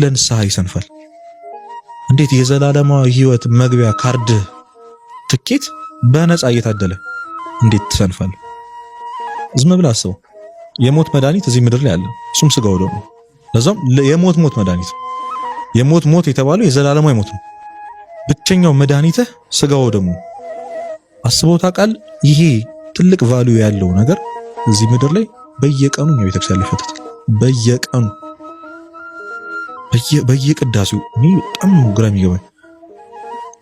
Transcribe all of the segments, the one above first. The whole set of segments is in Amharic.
ለንስሐ ይሰንፋል። እንዴት የዘላለማዊ ህይወት መግቢያ ካርድ ትኬት በነፃ እየታደለ እንዴት ትሰንፋል? ዝም ብለህ አስበው። የሞት መድኃኒት እዚህ ምድር ላይ አለ። እሱም ስጋው ደግሞ ለዛም የሞት ሞት መድኃኒት የሞት ሞት የተባለው የዘላለማዊ ሞት ነው። ብቸኛው መድኃኒትህ ስጋው ደግሞ አስበው ታውቃል። ይሄ ትልቅ ቫልዩ ያለው ነገር እዚህ ምድር ላይ በየቀኑ ነው ቤተክርስቲያን በየቀኑ በየቅዳሴው እኔ በጣም ግራ የሚገባኝ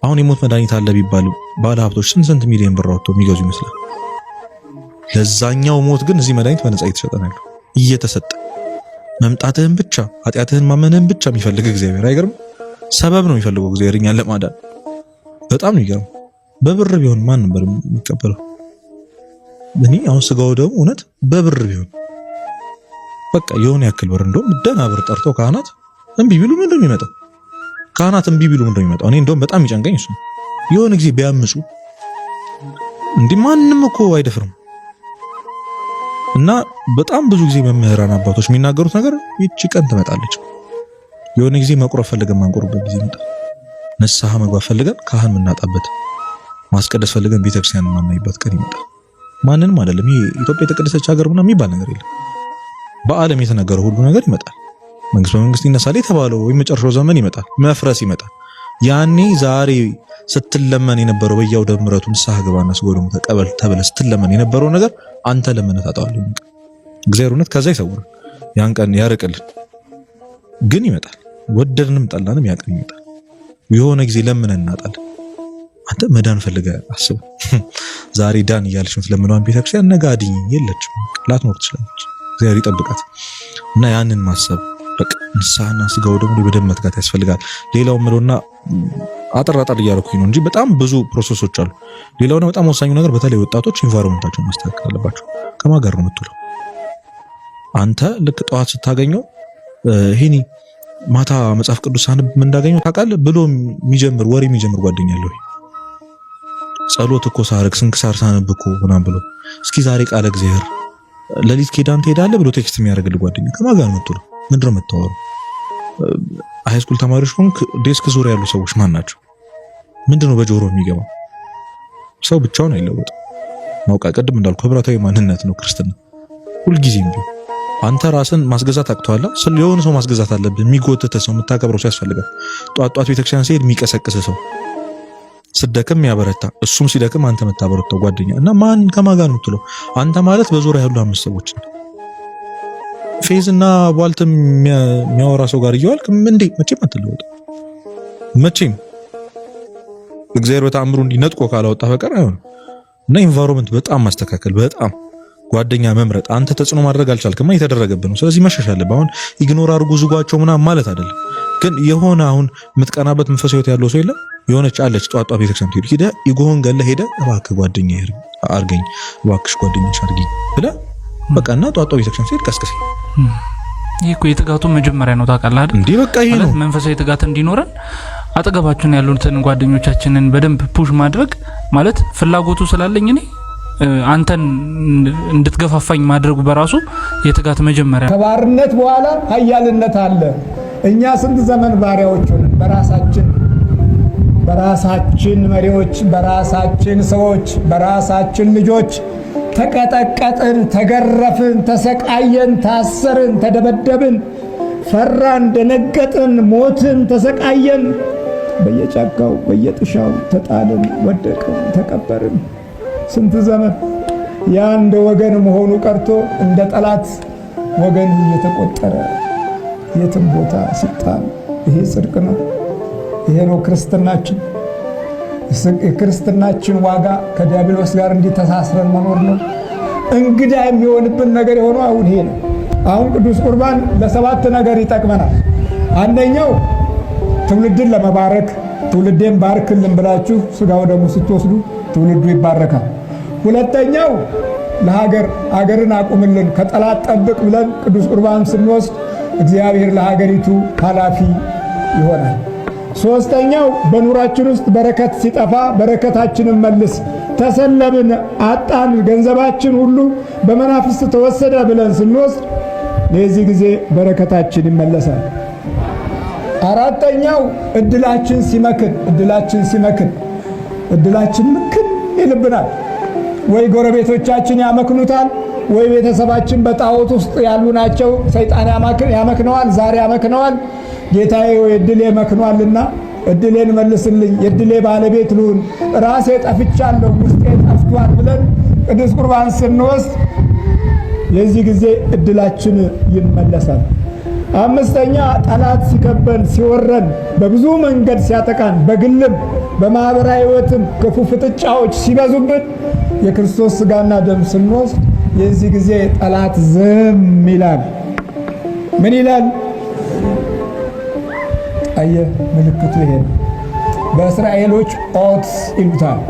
አሁን የሞት መድኃኒት አለ ቢባል ባለ ሀብቶች ስንት ስንት ሚሊዮን ብር አውጥተው የሚገዙ ይመስላል። ለዛኛው ሞት ግን እዚህ መድኃኒት በነጻ እየተሰጠናል እየተሰጠ መምጣትህን ብቻ ኃጢአትህን ማመንህን ብቻ የሚፈልግ እግዚአብሔር አይገርም። ሰበብ ነው የሚፈልገው እግዚአብሔር እኛን ለማዳን በጣም ነው ይገርም። በብር ቢሆን ማን ነበር የሚቀበለው? እኔ አሁን ስጋው ደግሞ እውነት በብር ቢሆን በቃ የሆነ ያክል ብር እንደውም ደህና ብር ጠርቶ ካህናት እምቢ ቢሉ ምንድን ነው የሚመጣው? ካህናት እምቢ ቢሉ ምንድን ነው የሚመጣው? እኔ እንደውም በጣም ይጨንቀኝ እሱ የሆነ ጊዜ ቢያምፁ እንዲህ ማንም እኮ አይደፍርም። እና በጣም ብዙ ጊዜ መምህራን አባቶች የሚናገሩት ነገር ይቺ ቀን ትመጣለች። የሆነ ጊዜ መቁረብ ፈልገን ማንቆርበት ጊዜ ይመጣል። ንስሐ መግባት ፈልገን ካህን የምናጣበት፣ ማስቀደስ ፈልገን ቤተክርስቲያን የማናይበት ቀን ይመጣል። ማንንም አይደለም። ይሄ ኢትዮጵያ የተቀደሰች ሀገር ምናምን የሚባል ነገር የለም። በዓለም የተነገረ ሁሉ ነገር ይመጣል። መንግስት በመንግስት ይነሳል የተባለው ወይም መጨረሻው ዘመን ይመጣል፣ መፍረስ ይመጣል። ያኔ ዛሬ ስትለመን የነበረው በየአውደ ደምረቱ ንስሐ ግባና ስጎደሙ ተቀበል ተብለህ ስትለመን የነበረው ነገር አንተ ለመነት አጣዋለሁ። እግዚአብሔር እውነት ከዛ ይሰውር ያን ቀን ያርቅልን። ግን ይመጣል፣ ወደድንም ጠላንም ያ ቀን ይመጣል። የሆነ ጊዜ ለምን እናጣል። አንተ መዳን ፈልገህ አስብ። ዛሬ ዳን እያለች የምትለምነዋን ቤተክርስቲያን ነጋዴ የለችም፣ ላትኖር ትችላለች። እግዚአብሔር ይጠብቃት እና ያንን ማሰብ በቃ ንስሐና ስጋው ደግሞ በደም መትጋት ያስፈልጋል። ሌላው ምለውና አጠር አጠር እያደረኩኝ ነው እንጂ በጣም ብዙ ፕሮሰሶች አሉ። ሌላውና በጣም ወሳኙ ነገር በተለይ ወጣቶች ኢንቫይሮንመንታቸውን ማስተካከል አለባቸው። ከማን ጋር ነው የምትውለው? አንተ ልክ ጠዋት ስታገኘው ይሄኔ ማታ መጽሐፍ ቅዱስ አንብ እንዳገኘው ታውቃለህ ብሎ የሚጀምር ወሬ የሚጀምር ጓደኛ አለ ወይ? ጸሎት እኮ ሳርግ ስንክሳር ሳነብ እኮ ምናምን ብሎ እስኪ ዛሬ ቃለ እግዚአብሔር ለሊት ኪዳን ትሄዳለህ ብሎ ቴክስት የሚያደርግልህ ጓደኛ ከማን ጋር ነው የምትውለው? ምንድን ነው የምታወሩ? ሃይስኩል ተማሪዎች ሆንክ፣ ዴስክ ዙሪያ ያሉ ሰዎች ማን ናቸው? ምንድን ነው በጆሮ የሚገባው? ሰው ብቻውን አይለወጥም። ማውቃ ቅድም እንዳልኩ ህብረታዊ ማንነት ነው ክርስትና። ሁልጊዜም ቢሆን አንተ ራስን ማስገዛት አቅተዋላ የሆነ ሰው ማስገዛት አለብህ። የሚጎትተ ሰው፣ የምታከብረው ሰው ያስፈልጋል። ጧት ጧት ቤተክርስቲያን ሲሄድ የሚቀሰቅስ ሰው፣ ስደክም ያበረታ፣ እሱም ሲደክም አንተ የምታበረታው ጓደኛ እና ማን ከማን ነው የምትለው? አንተ ማለት በዙሪያ ያሉ አምስት ሰዎች ፌዝ እና ቧልትም የሚያወራ ሰው ጋር እየዋልክ እንዴ መቼም አትለወጥ። መቼም እግዚአብሔር በተአምሩ እንዲነጥቆ ካላወጣ በቀር አይሆንም። እና ኢንቫይሮንመንት በጣም ማስተካከል፣ በጣም ጓደኛ መምረጥ። አንተ ተጽዕኖ ማድረግ አልቻልክማ የተደረገብን ነው። ስለዚህ መሸሽ አለብህ። አሁን ኢግኖር አድርጉ ዝጓቸው ምናምን ማለት አይደለም፣ ግን የሆነ አሁን የምትቀናበት መንፈሳዊ ሕይወት ያለው ሰው የለም። የሆነች አለች ጧጧ ቤተክርስቲያን ትሄዱ ሄደ ኢጎሆን ገለ ሄደ እባክህ ጓደኛ አርገኝ እባክሽ ጓደኞች አርገኝ ብለህ በቃ እና ጧጧ ቤተክርስቲያን ሲሄድ ቀስቅሴ ይህ እኮ የትጋቱ መጀመሪያ ነው። ታውቃለህ አይደል? እንዲህ በቃ ይሄ ነው መንፈሳዊ ትጋት እንዲኖረን አጠገባችን ያሉትን ጓደኞቻችንን በደንብ ፑሽ ማድረግ ማለት ፍላጎቱ ስላለኝ እኔ አንተን እንድትገፋፋኝ ማድረጉ በራሱ የትጋት መጀመሪያ። ከባርነት በኋላ ኃያልነት አለ። እኛ ስንት ዘመን ሆነን በራሳችን በራሳችን መሪዎች፣ በራሳችን ሰዎች፣ በራሳችን ልጆች ተቀጠቀጥን፣ ተገረፍን፣ ተሰቃየን፣ ታሰርን፣ ተደበደብን፣ ፈራን፣ ደነገጥን፣ ሞትን፣ ተሰቃየን፣ በየጫካው በየጥሻው ተጣልን፣ ወደቅን፣ ተቀበርን። ስንት ዘመን የአንድ ወገን መሆኑ ቀርቶ እንደ ጠላት ወገን እየተቆጠረ የትም ቦታ ሲጣል፣ ይሄ ጽድቅ ነው? ይሄ ነው ክርስትናችን? የክርስትናችን ዋጋ ከዲያብሎስ ጋር እንዲተሳስረን መኖር ነው። እንግዳ የሚሆንብን ነገር የሆነው አሁን ይሄ ነው። አሁን ቅዱስ ቁርባን ለሰባት ነገር ይጠቅመናል። አንደኛው ትውልድን ለመባረክ ትውልዴን ባርክልን ብላችሁ ስጋው ደግሞ ስትወስዱ ትውልዱ ይባረካል። ሁለተኛው ለሀገር ሀገርን አቁምልን ከጠላት ጠብቅ ብለን ቅዱስ ቁርባን ስንወስድ እግዚአብሔር ለሀገሪቱ ኃላፊ ይሆናል። ሶስተኛው በኑራችን ውስጥ በረከት ሲጠፋ በረከታችንን መልስ። ተሰለብን፣ አጣን፣ ገንዘባችን ሁሉ በመናፍስት ተወሰደ ብለን ስንወስድ ለዚህ ጊዜ በረከታችን ይመለሳል። አራተኛው እድላችን ሲመክን እድላችን ሲመክን እድላችን ምክን ይልብናል። ወይ ጎረቤቶቻችን ያመክኑታል፣ ወይ ቤተሰባችን በጣዖት ውስጥ ያሉ ናቸው። ሰይጣን ያመክነዋል፣ ዛሬ ያመክነዋል። ጌታዬ ወይ እድሌ መክኗልና እድሌን መልስልኝ፣ የእድሌ ባለቤት ልሁን፣ ራሴ ጠፍቻለሁ፣ ውስጤ ጠፍቷል ብለን ቅዱስ ቁርባን ስንወስድ የዚህ ጊዜ እድላችን ይመለሳል። አምስተኛ ጠላት ሲከበን ሲወረን በብዙ መንገድ ሲያጠቃን በግልም በማኅበራዊ ሕይወትም ክፉ ፍጥጫዎች ሲበዙብን የክርስቶስ ሥጋና ደም ስንወስድ የዚህ ጊዜ ጠላት ዝም ይላል። ምን ይላል? አየህ፣ ምልክቱ ይሄ በእስራኤሎች ኦት ይሉታል።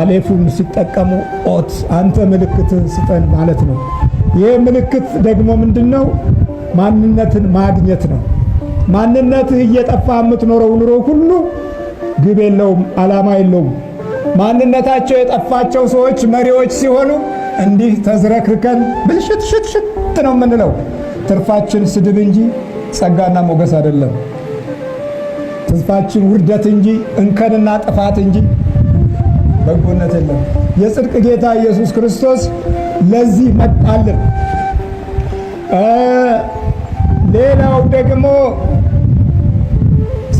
አሌፉን ሲጠቀሙ ኦት፣ አንተ ምልክትህን ስጠን ማለት ነው። ይህ ምልክት ደግሞ ምንድን ነው? ማንነትን ማግኘት ነው። ማንነትህ እየጠፋ የምትኖረው ኑሮ ሁሉ ግብ የለውም፣ ዓላማ የለውም። ማንነታቸው የጠፋቸው ሰዎች መሪዎች ሲሆኑ እንዲህ ተዝረክርከን ብልሽት ሽት ነው የምንለው፣ ትርፋችን ስድብ እንጂ ጸጋና ሞገስ አይደለም። ተስፋችን ውርደት እንጂ እንከንና ጥፋት እንጂ በጎነት የለም። የጽድቅ ጌታ ኢየሱስ ክርስቶስ ለዚህ መጣልን። ሌላው ደግሞ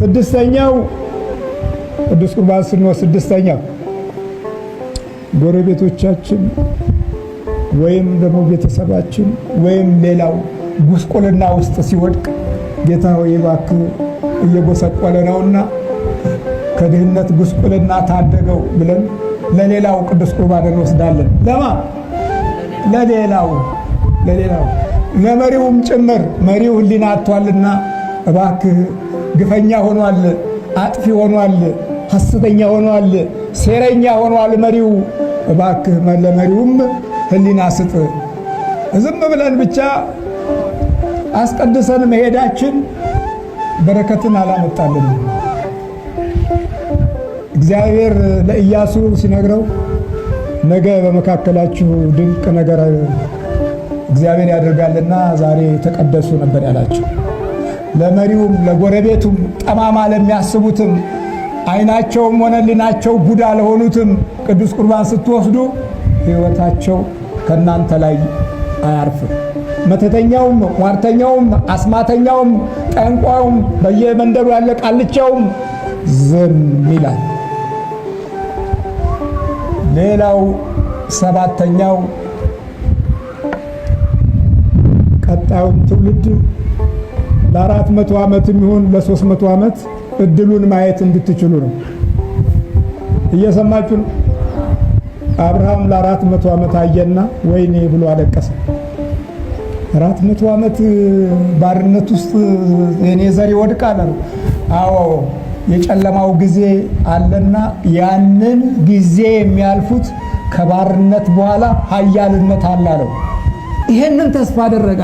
ስድስተኛው ቅዱስ ቁርባን ስንወስድ ስድስተኛው ጎረቤቶቻችን ወይም ደግሞ ቤተሰባችን ወይም ሌላው ጉስቁልና ውስጥ ሲወድቅ ጌታ ሆይ ባክ እየጎሰቆለ ነውና ከድህነት ጉስቁልና ታደገው ብለን ለሌላው ቅዱስ ቁርባን እንወስዳለን። ለማ ለሌላው ለሌላው ለመሪውም ጭምር መሪው ህሊና አጥቷልና እባክህ ግፈኛ ሆኗል፣ አጥፊ ሆኗል፣ ሐሰተኛ ሆኗል፣ ሴረኛ ሆኗል መሪው እባክህ ለመሪውም ህሊና ስጥ። ዝም ብለን ብቻ አስቀድሰን መሄዳችን በረከትን አላመጣልን። እግዚአብሔር ለኢያሱ ሲነግረው ነገ በመካከላችሁ ድንቅ ነገር እግዚአብሔር ያደርጋልና ዛሬ ተቀደሱ ነበር ያላቸው። ለመሪውም ለጎረቤቱም ጠማማ ለሚያስቡትም አይናቸውም ሆነ ልናቸው ቡዳ ለሆኑትም ቅዱስ ቁርባን ስትወስዱ ሕይወታቸው ከእናንተ ላይ አያርፍም። መተተኛውም፣ ሟርተኛውም፣ አስማተኛውም፣ ጠንቋውም፣ በየመንደሩ ያለ ቃልቻውም ዝም ይላል። ሌላው ሰባተኛው ቀጣዩን ትውልድ ለአራት መቶ ዓመት የሚሆን ለሶስት መቶ ዓመት እድሉን ማየት እንድትችሉ ነው። እየሰማችሁ ነው። አብርሃም ለአራት መቶ ዓመት አየና ወይኔ ብሎ አለቀሰ። አራት መቶ ዓመት ባርነት ውስጥ የኔ ዘር ይወድቃል አዎ የጨለማው ጊዜ አለና ያንን ጊዜ የሚያልፉት ከባርነት በኋላ ኃያልነት አለ ይሄንን ተስፋ አደረጋ